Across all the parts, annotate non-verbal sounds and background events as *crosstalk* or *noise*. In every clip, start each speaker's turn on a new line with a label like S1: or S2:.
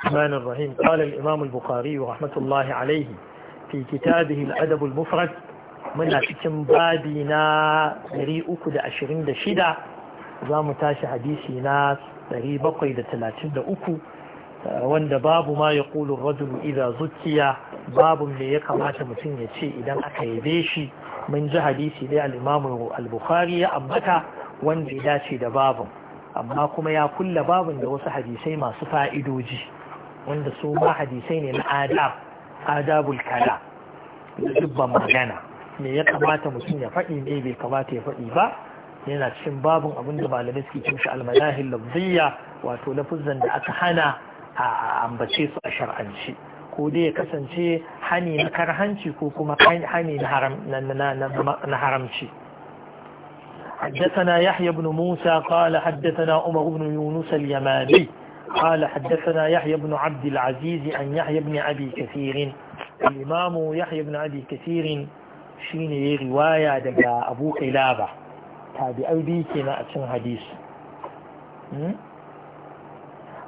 S1: الرحمن الرحيم قال الإمام البخاري رحمة الله عليه في كتابه الأدب المفرد من cikin babi na 326 za mu tashi hadisi na 733 wanda babu ma ya ƙulun rajulu idan zukiya babu da ya kamata mutum ya ce idan aka yabe shi mun ji hadisi dai al'imamu al-bukhari ya ambata wanda ya dace da babu amma kuma ya kulla babu da wasu hadisai masu fa'idoji wanda su ma hadisai ne na adab adabul kala dubban magana me ya kamata mutum ya faɗi me bai kamata ya faɗi ba yana cikin babin abin da malamai suke cin shi almanahin lafziya wato lafuzan da aka hana a ambace su a shar'anci ko dai ya kasance hani na karhanci ko kuma hani na haramci حدثنا يحيى بن موسى قال حدثنا عمر بن يونس اليماني قال حدثنا يحيى بن عبد العزيز عن يحيى بن أبي كثير الإمام يحيى بن أبي كثير شين رواية دقى أبو قلابة تابعي بيكنا أتن حديث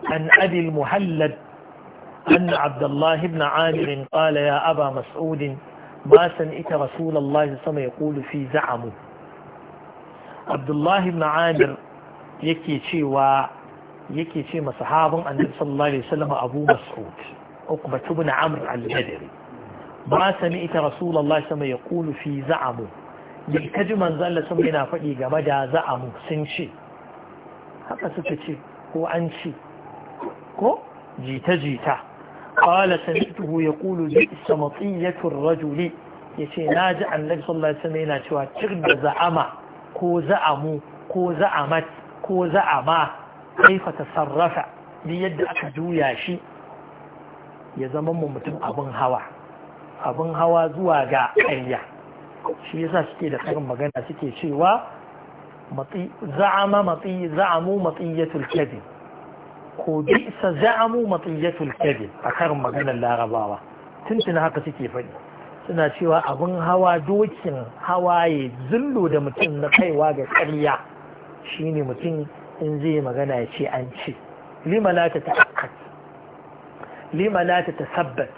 S1: عن أبي المهلد أن عبد الله بن عامر قال يا أبا مسعود ما سمعت رسول الله صلى الله عليه وسلم يقول في زعمه عبد الله بن عامر يكي شيء yake ce ma sahabin annabi sallallahu alaihi wasallam Abu Mas'ud Uqba ibn Amr al-Badri ba sami'ta Rasulullah sama ya kulu fi za'amu bai kaji manzo Allah sama yana fadi game da za'amu sun ce haka suka ce ko an ce ko jita jita qala sami'tuhu yaqulu bi'sa matiyatu ar-rajuli yace ji annabi sallallahu alaihi wasallam yana cewa cir da za'ama ko za'amu ko za'amat ko za'ama kaifa sarrafa ni yadda aka juya shi ya zama mu mutum abin hawa abin hawa zuwa ga ƙarya shi yasa suke da tsarin magana suke cewa za'ama matsi za'amu ya ko bisa za'amu ya kadhib a karin maganar larabawa tuntuna haka suke faɗi suna cewa abin hawa dokin hawaye zullo da mutum na kaiwa ga ƙarya shine mutum in zai magana ya ce an ce lima la ta ta'akkad lima la ta tasabbat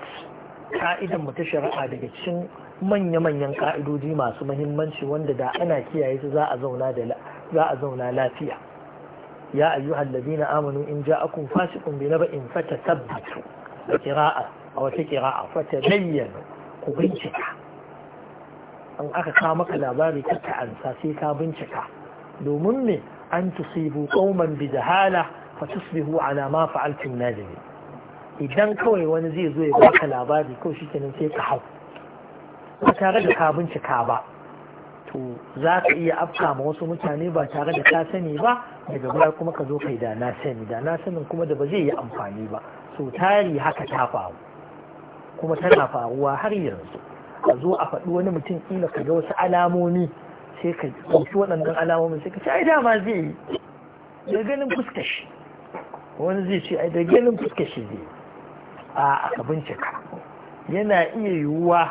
S1: ka'idan mu ta shari'a daga cikin manya-manyan ka'idoji masu mahimmanci wanda da ana kiyaye su za a zauna da za a zauna lafiya ya ayyuhal na amanu in ja'akum fasiqun bi naba'in a qira'a aw ta qira'a fatadayyanu ku bincika an aka kawo maka labari ka ta'ansa sai ka bincika domin me an tusibu qauman bi jahala fa tusbihu ala ma fa'altum nadimi idan kawai wani zai zo ya baka labari ko shi kenan sai ka hau ba tare da ka bincika ba to za ka iya afka ma wasu mutane ba tare da ka sani ba daga baya kuma ka zo kai da na sani da na sanin kuma da ba zai yi amfani ba so tari haka ta faru kuma tana faruwa har yanzu a zo a faɗi wani mutum kila ka ga wasu alamomi sai ka ɗauki waɗannan alamomin sai ka ce ai dama zai yi da ganin fuskashi wani zai ce ai da ganin fuskashi zai yi a aka bincika yana iya yiwuwa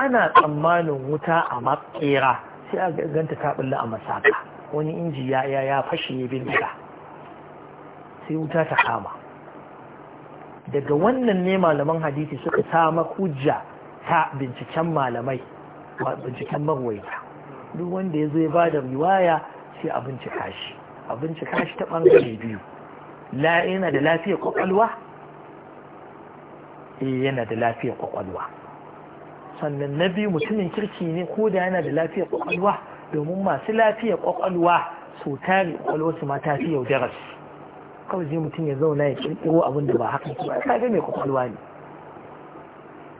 S1: ana tsammanin wuta a makera sai a ganta ta bulla a masaka wani inji ya ya ya fashe ya bincika sai wuta ta kama daga wannan ne malaman hadisi suka samar hujja ta binciken malamai binciken marwaita duk wanda ya zo ya bada riwaya sai abinci kashi, shi kashi ta ɓangare biyu la yana da lafiyar kwakwalwa eh yana da lafiyar kwakwalwa sannan na biyu mutumin kirki ne ko da yana da lafiyar kwakwalwa domin masu lafiyar kwakwalwa so tari kwakwalwa su ma ta fi yaudarar kawai zai mutum ya zauna ya kirkiro abin da ba haka ba ka ga mai kwakwalwa ne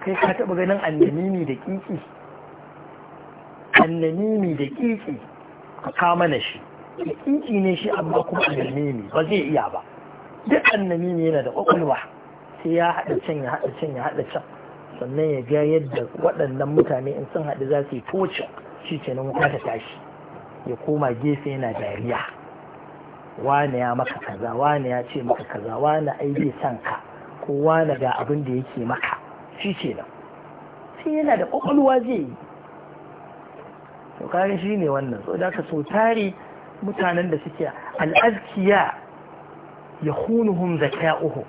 S1: kai ka taɓa ganin ne da kiki annamimi da kiki ka mana shi kiki ne shi amma kuma annamimi ba zai iya ba duk annamimi yana da kwakwalwa sai ya haɗa can ya haɗa can ya haɗa can sannan ya ga yadda waɗannan mutane in sun haɗu za su yi toci shi kenan wuta ta tashi ya koma gefe yana dariya wane ya maka kaza wane ya ce maka kaza wane ai bai san ka ko wane ga abin da yake maka shi ce kenan sai yana da kwakwalwa zai yi to shi ne wannan so da ka so tare mutanen da suke al'azkiya ya hunuhum zaka'uhu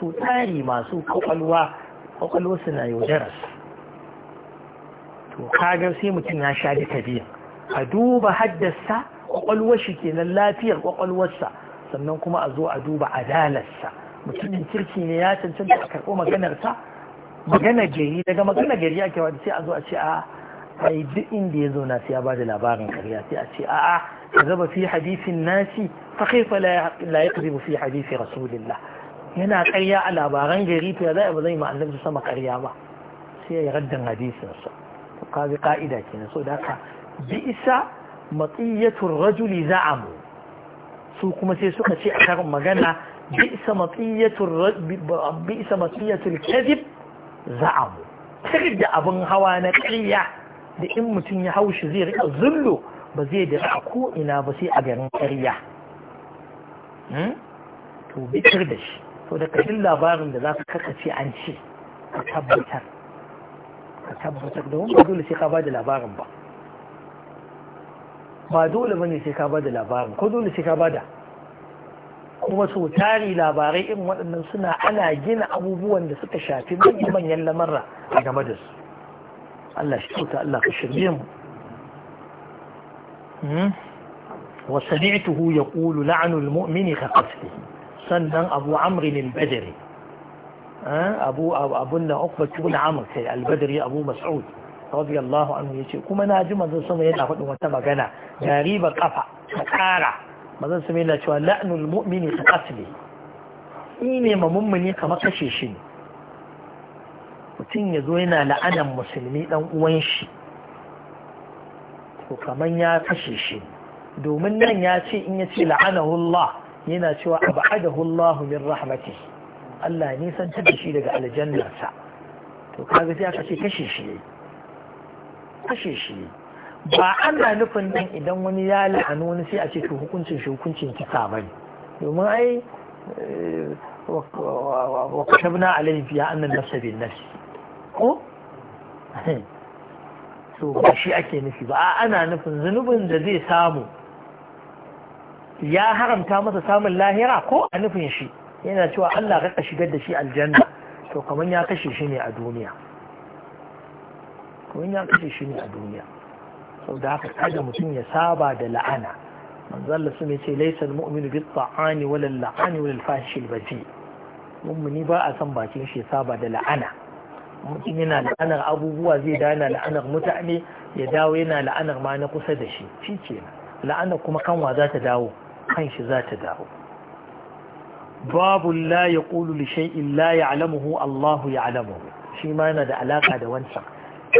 S1: so tare masu kwakwalwa kwakwalwa na yaudarar to kaga sai mutum ya sha duka biyan a duba haddasa kwakwalwar shi kenan lafiyar kwakwalwarsa sannan kuma a zo a duba adalarsa mutumin kirki ne ya cancanta a karɓo maganarsa magana gari daga magana gari ake wani sai a zo a ce a ai duk inda ya zauna sai ya ba da labarin karya sai a ce a'a ka zaba fi hadisin nasi fa kaifa la yaqdibu fi hadisi rasulillah yana karya a labaran gari to ya za ba zai ma annabi sama karya ba sai ya raddan hadisin sa to ka bi ka'ida kenan so da ka bi isa matiyatul rajuli za'amu su kuma sai suka ce a karin magana bi isa matiyatul bi isa matiyatul kadhib za'amu sirri da abin hawa na ƙarya da in mutum ya haushi zai rika zullo ba zai da a ko'ina ba sai a garin ƙarya hmm? to bitar da shi to da kashin labarin da za ka kakace an ce ka tabbatar ka tabbatar da wani dole sai ka ba da labarin ba ba dole ba ne sai ka ba da labarin ko dole sai ka ba da kuma so tari labarai irin waɗannan suna ana gina abubuwan da suka shafi manyan lamarra a game da su Allah shi kyauta Allah ka shirye mu hmm? sannan abu eh? abu abun da ukba kai al abu mas'ud radiyallahu anhu yace kuma na ji manzon sama yana faɗin wata magana gari ba kafa ta kara sama yana cewa la'anul mu'mini ka qatli ne ma mummuni kamar kashe shi ne mutum ya zo yana la'anan musulmi ɗan uwan shi to kaman ya kashe shi domin nan ya ce in ya ce la'anahullah yana cewa adahullahu min rahmati Allah ne san da shi daga aljannarsa to kaga sai aka ce kashe shi kashe shi ba ana nufin nan idan wani ya la'anu wani sai a ce to hukuncin shi hukuncin kisa bane domin ai وكتبنا عليه فيها أن النفس بالنفس ko *laughs* to ba shi ake nufi ba ana nufin zunubin da zai samu ya haramta masa samun lahira ko a nufin shi yana cewa Allah ka shigar da shi aljanna to kamar ya kashe shi ne a duniya kamar ya kashe shi ne a duniya sau da haka kada mutum ya saba da la'ana manzalla su ne ce laisa mu'minu bi ta'ani wala la'ani wala fashi baji mummuni ba a san bakin shi ya saba da la'ana mutum yana la'anar abubuwa zai da yana la'anar mutane ya dawo yana la'anar ma na kusa da shi shi ke la'anar kuma kanwa za ta dawo kan shi za ta dawo babu la ya ƙulu li in la ya'lamuhu Allahu hu. shi ma yana da alaka da wancan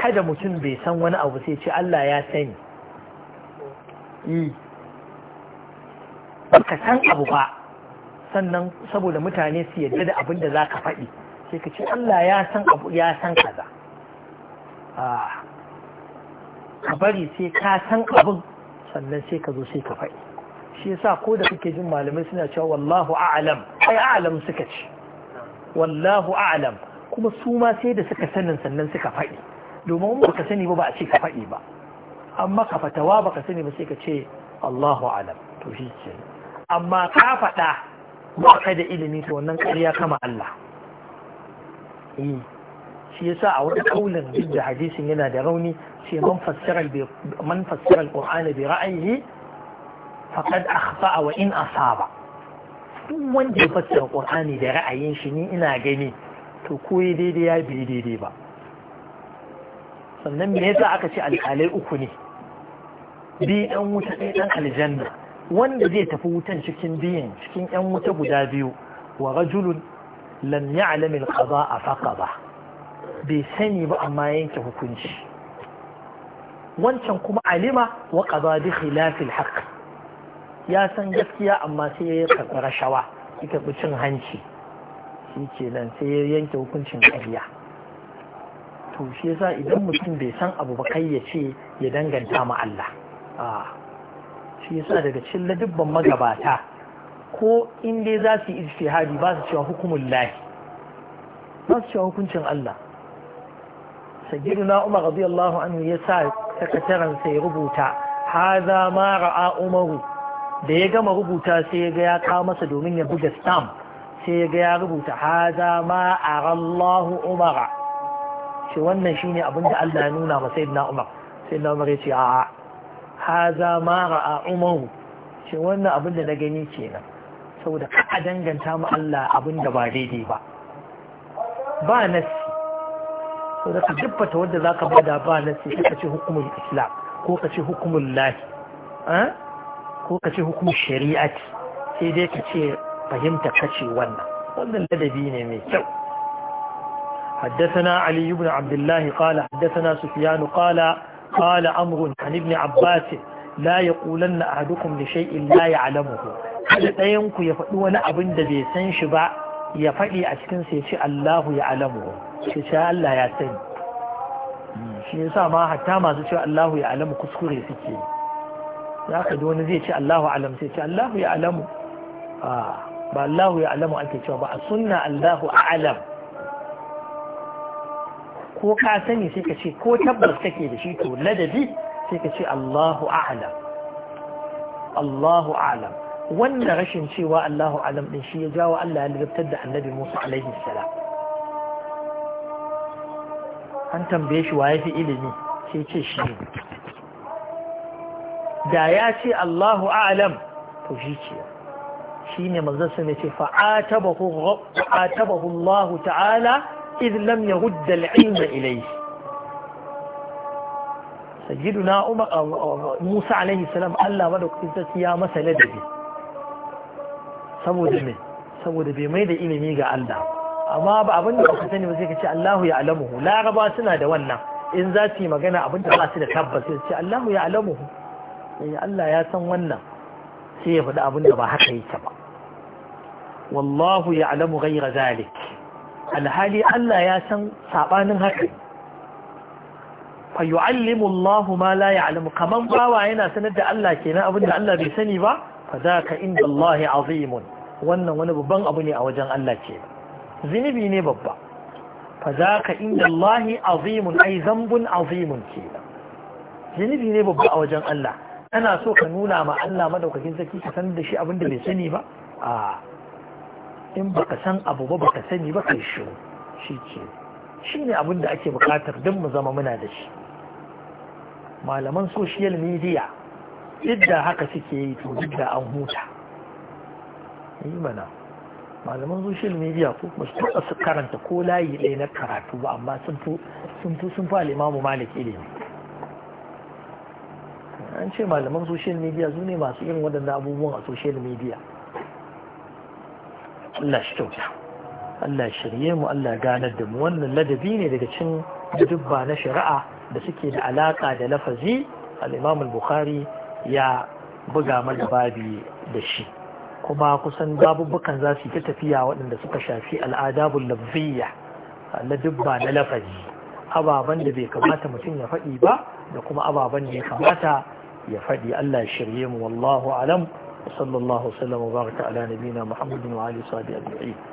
S1: kada mutum bai san wani abu sai ce Allah ya sani eh. ka san abu ba sannan saboda mutane su yadda da abin da za ka faɗi sai ka ce Allah ya san abu ya san kaza ah, ka bari sai ka san abin sannan sai ka zo sai ka faɗi shi yasa ko da kake jin malamai suna cewa wallahu a'lam ai a'lam suka ce wallahu a'lam kuma su ma sai da suka sanin sannan suka faɗi domin ba ka sani ba ba a ce ka faɗi ba amma ka fatawa ba ka sani ba sai ka ce Allahu alam to shi ce amma ka faɗa ba ka da ilimi to wannan ƙarya kama Allah Umm. shi yasa a wani kaulin da hadisin yana da rauni ce man fassara man fassara bi ra'ayi faqad wa in asaba duk wanda ya fassara qur'ani da ra'ayin shi ni ina gani to koyi daidai ya bi daidai ba sannan me yasa aka ce alƙalai uku ne bi ɗan wuta ɗaya ɗan aljanna wanda zai tafi wutan cikin biyan cikin 'yan wuta guda biyu wa rajulun lam ya'lam al-qada'a faqada bai sani ba amma yanke hukunci wancan kuma alima wa qada bi khilafil haqq ya san gaskiya amma sai ya karɓi rashawa ita cin hanci shi ke nan sai ya yanke hukuncin ƙarya to shi yasa idan mutum bai san abu ba kai ya ce ya danganta ma Allah shi yasa daga cikin ladubban magabata ko in dai za su yi istihadi ba su cewa hukumun lahi ba su cewa hukuncin Allah na Umar radiyallahu anhu ya sa sakataren sai rubuta haza ma ra'a Umaru da ya gama rubuta sai ya ga ya kawo masa domin ya buga stamp sai ya ga ya rubuta haza ma arallahu Umara shi wannan shine abin da Allah ya nuna ma sayyidina Umar sayyidina Umar ya ce a'a haza ma ra'a Umaru shi wannan abin da na gani kenan saboda ka a danganta mu Allah abin da ba daidai ba ba nasi saboda ka dubbata wanda za ka bada ba nasi ka ce hukumul islam ko ka ce hukumul lahi ko ka ce hukumul shari'ati sai dai ka ce fahimta ka ce wannan wannan ladabi ne mai kyau حدثنا علي بن عبد الله قال حدثنا سفيان قال قال أمر عن ابن عباس لا يقولن أحدكم لشيء لا يعلمه kada ɗayan ku ya faɗi wani abin da bai san shi ba ya faɗi a cikin sai ce Allahu ya alamu sai ce Allah ya sani shi ya sa ma hatta masu cewa Allahu ya alamu kuskure suke za ka ji wani zai ce Allahu alam sai ce Allahu ya alamu ba Allahu ya alamu ake cewa ba a sunna Allahu alam ko ka sani sai ka ce ko tabbas kake da shi to ladabi sai ka ce Allahu a'lam Allahu a'lam wanda rashin cewa Allahu alam din shi ya jawo Allah ya lirabtar da annabi Musa alaihi salam an tambaye shi wa ya fi ilimi sai ce shi ne da ya ce Allahu alam to shi ce shi ne manzon sa ne ce fa'atabahu Allah ta'ala idh lam yurd al-ilm ilayhi sayyiduna Umar Musa alaihi salam Allah madaukakin sarki ya masa ladabi saboda mai saboda bai mai da ilimi ga Allah amma ba abin da ka sani ba sai ka ce Allahu ya alamuhu laraba suna da wannan in za su yi magana abin da ba su da tabbas sai ce Allahu ya alamuhu sai eh, Allah ya san wannan sai ya faɗi abin da ba haka yake ba wallahu ya alamu ghayra zalik alhali Allah ya san sabanin haka fa yu'allimu Allahu ma la ya'lamu kaman bawa yana sanar da Allah kenan abin da Allah bai sani ba fadaka inda Allah azimun wannan wani babban abu ne a wajen Allah ce zinubi ne babba fadaka inda Allah azimun ai zambun azimun ce zinubi ne babba a wajen Allah ana so ka nuna ma Allah madaukakin sarki ka san da shi abin da bai sani ba a in baka san abu ba baka sani ba kai shi shi ce shi ne abin da ake bukatar don mu zama muna da shi malaman social media idda haka suke yi to da an huta yi mana malaman social media ko kuma su tuka su karanta ko layi ɗaya na karatu ba amma sun fi sun fi alimamu malik ilimi an ce malaman social media su ne masu yin waɗanda abubuwan a social media Allah shi kyauta Allah shirye mu Allah ganar da mu wannan ladabi ne daga cin dubba na shari'a da suke da alaƙa da lafazi al-Imam bukhari ya buga mana babi da shi kuma kusan babubukan za su yi ta tafiya waɗanda suka shafi al'adabul lafziya na dubba na lafazi ababen da bai kamata mutum ya faɗi ba da kuma ababen da ya kamata ya faɗi Allah shirye mu wallahu alam sallallahu alaihi wa sallam wa baraka ala nabiyina muhammadin wa alihi sahbihi